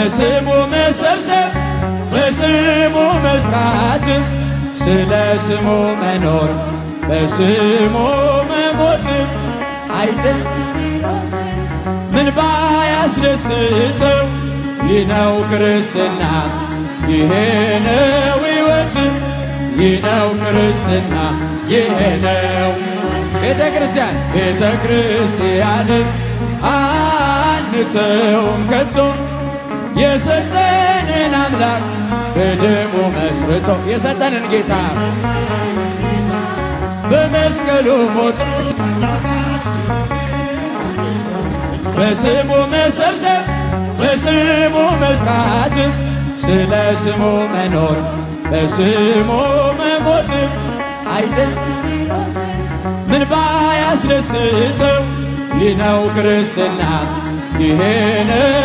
በስሙ መሰብሰብ በስሙ መስራት ስለ ስሙ መኖር በስሙ መሞት አይደል ምን ባያስደስተው ይህ ነው ክርስትና ይሄ ነው ሕይወት ይህ ነው ክርስትና ይሄ ነው ቤተ ክርስቲያን ቤተ ክርስቲያንን አንተውም ከቶ የሰጠንን አምላክ በደሙ መስርቶ የሰጠንን ጌታ በመስቀሉ ሞት በስሙ መሰብሰብ በስሙ መስራት ስለ ስሙ መኖር በስሙ መሞት አይደል ምን ባያስደስተው ይህ ነው ክርስትና ይሄ ነው